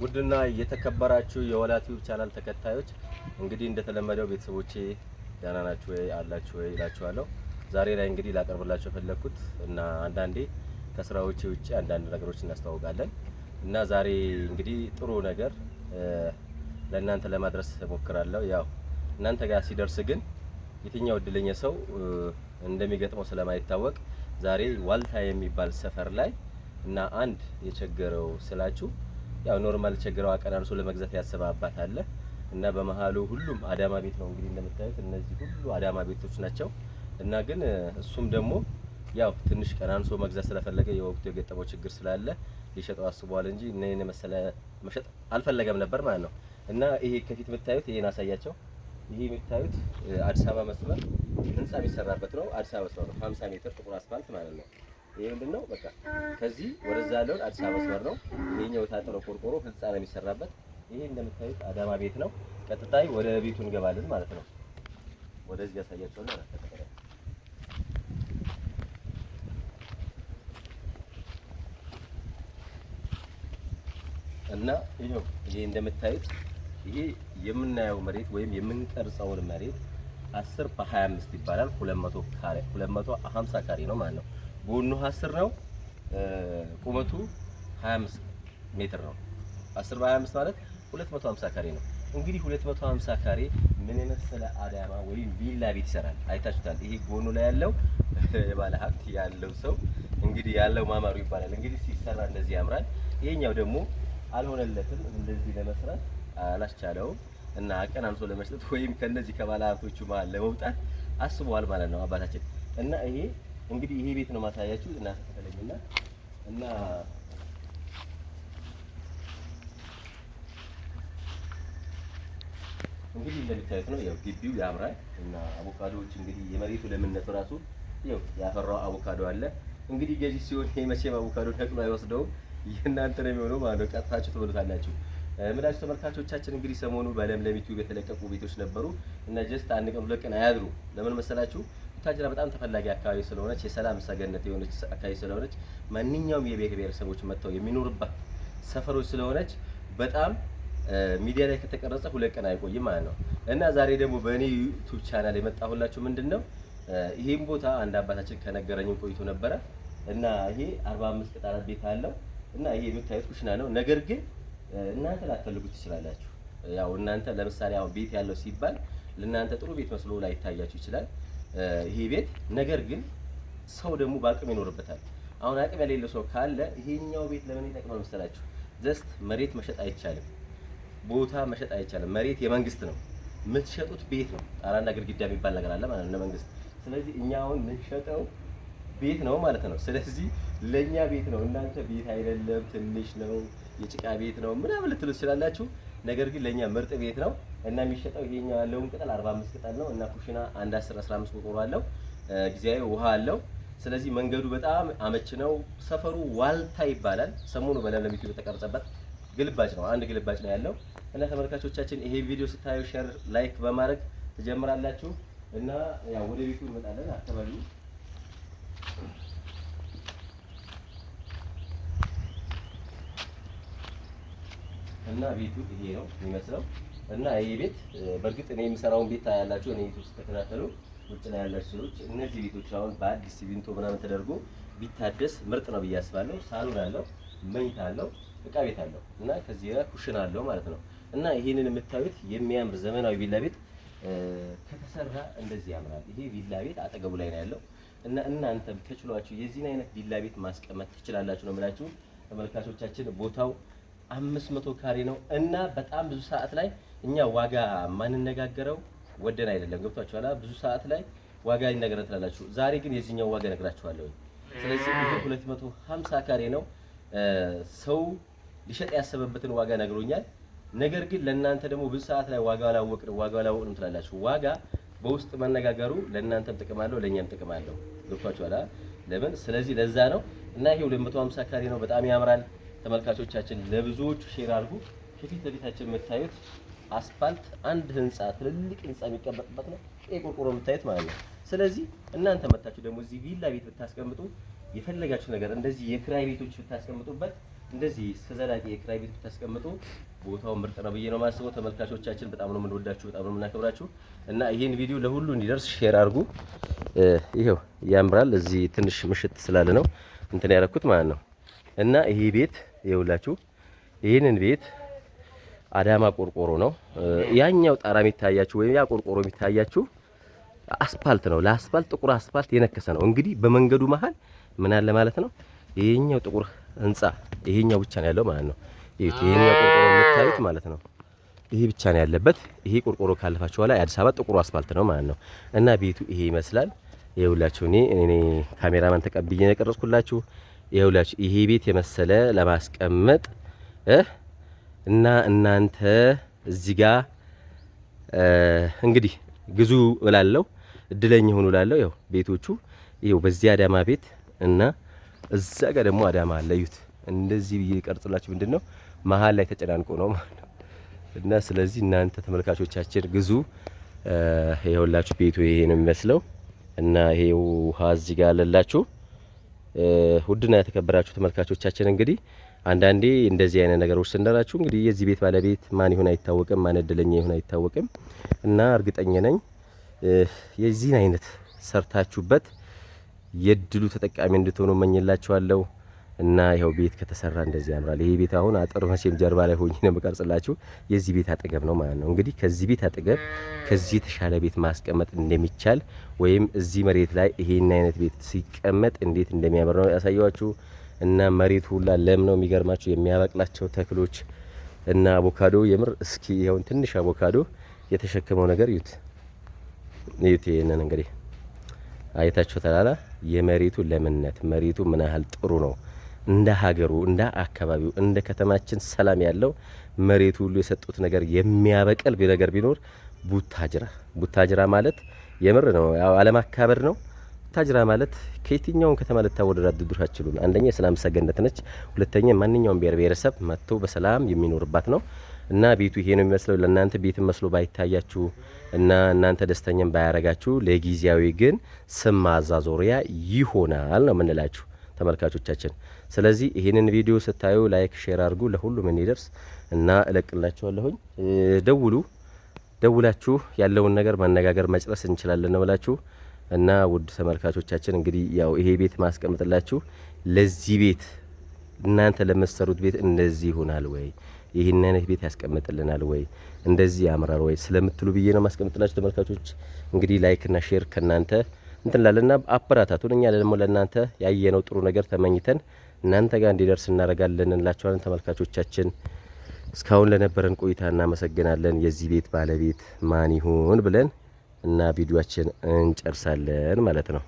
ውድና የተከበራችሁ የወላቲው ቻናል ተከታዮች እንግዲህ እንደተለመደው ቤተሰቦቼ ደህና ናችሁ ወይ አላችሁ ወይ እላችኋለሁ። ዛሬ ላይ እንግዲህ ላቀርብላችሁ የፈለግኩት እና አንዳንዴ ከስራዎች ውጭ አንዳንድ ነገሮች እናስተዋውቃለን እና ዛሬ እንግዲህ ጥሩ ነገር ለእናንተ ለማድረስ ሞክራለሁ። ያው እናንተ ጋር ሲደርስ ግን የትኛው እድለኛ ሰው እንደሚገጥመው ስለማይታወቅ ዛሬ ዋልታ የሚባል ሰፈር ላይ እና አንድ የቸገረው ስላችሁ ያው ኖርማል ቸግረው አቀራርሶ ለመግዛት ያሰባባት አለ እና በመሀሉ ሁሉም አዳማ ቤት ነው እንግዲህ እንደምታዩት እነዚህ ሁሉ አዳማ ቤቶች ናቸው። እና ግን እሱም ደግሞ ያው ትንሽ ቀናንሶ መግዛት ስለፈለገ የወቅቱ የገጠመው ችግር ስላለ ሊሸጠው አስቧል እንጂ እኔን መሰለ መሸጥ አልፈለገም ነበር ማለት ነው። እና ይሄ ከፊት የምታዩት ይሄን አሳያቸው። ይሄ የምታዩት አዲስ አበባ መስመር ህንጻ የሚሰራበት ነው። አዲስ አበባ መስመር ነው 50 ሜትር ጥቁር አስፋልት ማለት ነው። ይሄ ምንድን ነው? በቃ ከዚህ ወደዛ ያለውን አዲስ አበባ መስመር ነው። ይሄኛው የታጠረ ቆርቆሮ ህንፃ ነው የሚሰራበት። ይሄ እንደምታዩት አዳማ ቤት ነው። ቀጥታይ ወደ ቤቱ እንገባለን ማለት ነው። ወደዚህ ያሳያቸውና አላተቀበለ እና ይሄው ይሄ እንደምታዩት ይሄ የምናየው መሬት ወይም የምንቀርጸውን መሬት 10 በ25 ይባላል። 200 ካሬ 250 ካሬ ነው ማለት ነው። ጎኑ አስር ነው፣ ቁመቱ 25 ሜትር ነው። 10 በ25 ማለት 250 ካሬ ነው። እንግዲህ 250 ካሬ ምን የመሰለ አዳማ ወይም ቪላ ቤት ይሰራል። አይታችሁታል። ይሄ ጎኑ ላይ ያለው የባለ ሀብት ያለው ሰው እንግዲህ ያለው ማማሩ ይባላል። እንግዲህ ሲሰራ እንደዚህ ያምራል። ይሄኛው ደግሞ አልሆነለትም፣ እንደዚህ ለመስራት አላስቻለውም እና አቀናንሶ ለመስጠት ወይም ከነዚህ ከባለ ሀብቶቹ መሀል ለመውጣት አስበዋል ማለት ነው አባታችን እና ይሄ እንግዲህ ይሄ ቤት ነው ማሳያችሁ። እና ተለኝና እና እንግዲህ እንደምታዩት ነው ያው ግቢው ያምራል እና አቮካዶዎች እንግዲህ የመሬቱ ለምነቱ ራሱ ያው ያፈራው አቮካዶ አለ። እንግዲህ ገዢ ሲሆን ይሄ መቼም አቮካዶ ነቅሎ አይወስደውም። የእናንተ ነው የሚሆነው ማለት ነው። ቀጥታችሁ ትበሉታላችሁ። ምላችሁ ተመልካቾቻችን እንግዲህ ሰሞኑ በለምለም ዩቲዩብ የተለቀቁ ቤቶች ነበሩ እና ጀስት አንድ ቀን ሁለት ቀን አያድሩ። ለምን መሰላችሁ? ቡታጅራ በጣም ተፈላጊ አካባቢ ስለሆነች የሰላም ሰገነት የሆነች አካባቢ ስለሆነች ማንኛውም የብሔር ብሔረሰቦች መጥተው የሚኖሩባት ሰፈሮች ስለሆነች በጣም ሚዲያ ላይ ከተቀረጸ ሁለት ቀን አይቆይም ማለት ነው እና ዛሬ ደግሞ በእኔ ዩቱብ ቻናል የመጣሁላችሁ ምንድን ነው ይሄን ቦታ አንድ አባታችን ከነገረኝም ቆይቶ ነበረ እና ይሄ 45 ቅጣላት ቤት አለው እና ይሄ የምታዩት ኩሽና ነው። ነገር ግን እናንተ ላትፈልጉት ትችላላችሁ። ያው እናንተ ለምሳሌ አሁን ቤት ያለው ሲባል ለእናንተ ጥሩ ቤት መስሎ ላይታያችሁ ይችላል። ይሄ ቤት ነገር ግን ሰው ደግሞ በአቅም ይኖርበታል። አሁን አቅም የሌለው ሰው ካለ ይሄኛው ቤት ለምን ይጠቅማል መሰላችሁ? ጀስት መሬት መሸጥ አይቻልም፣ ቦታ መሸጥ አይቻልም። መሬት የመንግስት ነው፣ የምትሸጡት ቤት ነው። ጣራና ግድግዳ የሚባል ነገር አለ ማለት ነው መንግስት። ስለዚህ እኛ አሁን የምንሸጠው ቤት ነው ማለት ነው። ስለዚህ ለእኛ ቤት ነው። እናንተ ቤት አይደለም፣ ትንሽ ነው፣ የጭቃ ቤት ነው ምናምን ልትሉ ትችላላችሁ። ነገር ግን ለኛ ምርጥ ቤት ነው እና የሚሸጠው ይሄኛው ያለውን ቅጠል 45 ቅጠል ነው እና ኩሽና 1 10 15 አለው። ጊዜያዊ ውሃ አለው። ስለዚህ መንገዱ በጣም አመች ነው። ሰፈሩ ዋልታ ይባላል። ሰሞኑ በለለም ዩቲዩብ የተቀረጸበት ግልባጭ ነው። አንድ ግልባጭ ነው ያለው እና ተመልካቾቻችን ይሄ ቪዲዮ ስታዩ ሼር፣ ላይክ በማድረግ ትጀምራላችሁ እና ያው ወደ ቤቱ እንመጣለን አካባቢው እና ቤቱ ይሄ ነው የሚመስለው። እና ይሄ ቤት በእርግጥ እኔ የምሰራውን ቤት ታያላችሁ። እኔ ውስጥ ተከታተሉ። ውጭ ላይ ያላችሁ ሰዎች እነዚህ ቤቶች አሁን በአዲስ ሲሚንቶ ምናምን ተደርጎ ቢታደስ ምርጥ ነው ብዬ አስባለሁ። ሳሎን አለው፣ መኝታ አለው፣ እቃ ቤት አለው እና ከዚህ ጋር ኩሽን አለው ማለት ነው። እና ይሄንን የምታዩት የሚያምር ዘመናዊ ቪላ ቤት ከተሰራ እንደዚህ ያምራል። ይሄ ቪላ ቤት አጠገቡ ላይ ነው ያለው እና እናንተም ተችሏችሁ የዚህን አይነት ቪላ ቤት ማስቀመጥ ትችላላችሁ ነው የምላችሁ ተመልካቾቻችን ቦታው አምስት መቶ ካሬ ነው እና በጣም ብዙ ሰዓት ላይ እኛ ዋጋ ማንነጋገረው ወደን አይደለም። ገብቷችኋል። ብዙ ሰዓት ላይ ዋጋ ይነገረ ትላላችሁ። ዛሬ ግን የዚህኛው ዋጋ ነግራችኋለሁ። ስለዚህ ይሄ 250 ሀምሳ ካሬ ነው። ሰው ሊሸጥ ያሰበበትን ዋጋ ነግሮኛል። ነገር ግን ለእናንተ ደግሞ ብዙ ሰዓት ላይ ዋጋ አላወቅንም ዋጋ አላወቅንም ትላላችሁ። ዋጋ በውስጥ መነጋገሩ ለእናንተም ጥቅም አለው፣ ለእኛም ጥቅም አለው። ገብቷችኋል። ለምን? ስለዚህ ለዛ ነው እና ይሄ 250 መቶ ካሬ ነው። በጣም ያምራል። ተመልካቾቻችን ለብዙዎቹ ሼር አድርጉ። ከፊት ለፊታችን የምታዩት አስፋልት አንድ ህንጻ ትልልቅ ህንጻ የሚቀመጥበት ነው። ይሄ ቆርቆሮ የምታዩት ማለት ነው። ስለዚህ እናንተ መታችሁ ደግሞ እዚህ ቪላ ቤት ብታስቀምጡ የፈለጋችሁ ነገር እንደዚህ የክራይ ቤቶች ብታስቀምጡበት እንደዚህ እስከዘላቂ የክራይ ቤት ብታስቀምጡ ቦታው ምርጥ ነው ብዬ ነው የማስበው። ተመልካቾቻችን በጣም ነው የምንወዳችሁ፣ በጣም ነው የምናከብራችሁ እና ይህን ቪዲዮ ለሁሉ እንዲደርስ ሼር አድርጉ። ይኸው ያምራል። እዚህ ትንሽ ምሽት ስላለ ነው እንትን ያደረኩት ማለት ነው እና ይሄ ቤት ይኸውላችሁ ይህንን ቤት አዳማ ቆርቆሮ ነው። ያኛው ጣራ የሚታያችሁ ወይም ያ ቆርቆሮ የሚታያችሁ አስፓልት ነው። ለአስፋልት ጥቁር አስፋልት የነከሰ ነው። እንግዲህ በመንገዱ መሀል ምን አለ ማለት ነው። ይሄኛው ጥቁር ህንጻ ይሄኛው ብቻ ነው ያለው ማለት ነው። ይሄኛው ቆርቆሮ የምታዩት ማለት ነው። ይሄ ብቻ ነው ያለበት። ይሄ ቆርቆሮ ካለፋችሁ በኋላ የአዲስ አበባ ጥቁሩ አስፋልት ነው ማለት ነው። እና ቤቱ ይሄ ይመስላል። ይኸውላችሁ እኔ እኔ ካሜራማን ተቀብዬ ነው የቀረጽኩላችሁ። ይኸውላችሁ ይሄ ቤት የመሰለ ለማስቀመጥ እና እናንተ እዚህ ጋ እንግዲህ ግዙ እላለሁ፣ እድለኝ ሆኑ እላለሁ። ያው ቤቶቹ ይኸው በዚህ አዳማ ቤት እና እዛ ጋር ደግሞ አዳማ አለዩት። እንደዚህ ብዬ ቀርጽላችሁ ምንድን ነው መሀል ላይ ተጨናንቆ ነው ማለት ነው። እና ስለዚህ እናንተ ተመልካቾቻችን ግዙ። ይኸውላችሁ ቤቱ ይሄ ነው የሚመስለው እና ይሄ ውሃ እዚህ ለላችሁ? አለላችሁ። ውድና የተከበራችሁ ተመልካቾቻችን እንግዲህ አንዳንዴ እንደዚህ አይነት ነገሮች ስንደራችሁ እንግዲህ የዚህ ቤት ባለቤት ማን ይሁን አይታወቅም፣ ማን እድለኛ ይሁን አይታወቅም። እና እርግጠኛ ነኝ የዚህን አይነት ሰርታችሁበት የድሉ ተጠቃሚ እንድትሆኑ እመኝላችኋለሁ። እና ይኸው ቤት ከተሰራ እንደዚህ ያምራል። ይሄ ቤት አሁን አጥር መቼም ጀርባ ላይ ሆኜ ነው የምቀርጽላችሁ። የዚህ ቤት አጠገብ ነው ማለት ነው። እንግዲህ ከዚህ ቤት አጠገብ ከዚህ የተሻለ ቤት ማስቀመጥ እንደሚቻል ወይም እዚህ መሬት ላይ ይሄን አይነት ቤት ሲቀመጥ እንዴት እንደሚያምር ነው ያሳየዋችሁ። እና መሬቱ ሁላ ለም ነው የሚገርማችሁ። የሚያበቅላቸው ተክሎች እና አቮካዶ የምር እስኪ ይኸውን ትንሽ አቮካዶ የተሸከመው ነገር ዩት ዩት ይሄንን እንግዲህ አይታችሁ ተላላ የመሬቱ ለምነት መሬቱ ምን ያህል ጥሩ ነው። እንደ ሀገሩ እንደ አካባቢው እንደ ከተማችን ሰላም ያለው መሬቱ ሁሉ የሰጡት ነገር የሚያበቀል ነገር ቢኖር ቡታጅራ። ቡታጅራ ማለት የምር ነው፣ አካበር ነው። ቡታጅራ ማለት ከየትኛውም ከተማ ልታወዳድሩት አትችሉም። አንደኛ የሰላም ሰገነት ነች፣ ሁለተኛ ማንኛውም ብሔር ብሔረሰብ መጥቶ በሰላም የሚኖርባት ነው እና ቤቱ ይሄ ነው የሚመስለው። ለእናንተ ቤት መስሎ ባይታያችሁ እና እናንተ ደስተኛም ባያረጋችሁ፣ ለጊዜያዊ ግን ስም ማዛዞሪያ ይሆናል ነው የምንላችሁ። ተመልካቾቻችን። ስለዚህ ይህንን ቪዲዮ ስታዩ ላይክ፣ ሼር አድርጉ ለሁሉም እንዲደርስ እና እለቅላችኋለሁኝ። ደውሉ፣ ደውላችሁ ያለውን ነገር ማነጋገር መጨረስ እንችላለን ነው ብላችሁ እና ውድ ተመልካቾቻችን እንግዲህ ያው ይሄ ቤት ማስቀምጥላችሁ ለዚህ ቤት እናንተ ለመሰሩት ቤት እንደዚህ ይሆናል ወይ ይህን አይነት ቤት ያስቀምጥልናል ወይ እንደዚህ ያምራል ወይ ስለምትሉ ብዬ ነው ማስቀምጥላችሁ ተመልካቾች። እንግዲህ ላይክና ሼር ከእናንተ እንትን ላለና አበረታቱን። እኛ ደግሞ ለእናንተ ያየነው ጥሩ ነገር ተመኝተን እናንተ ጋር እንዲደርስ እናደርጋለን እንላችኋለን። ተመልካቾቻችን እስካሁን ለነበረን ቆይታ እናመሰግናለን። የዚህ ቤት ባለቤት ማን ይሁን ብለን እና ቪዲዮችን እንጨርሳለን ማለት ነው።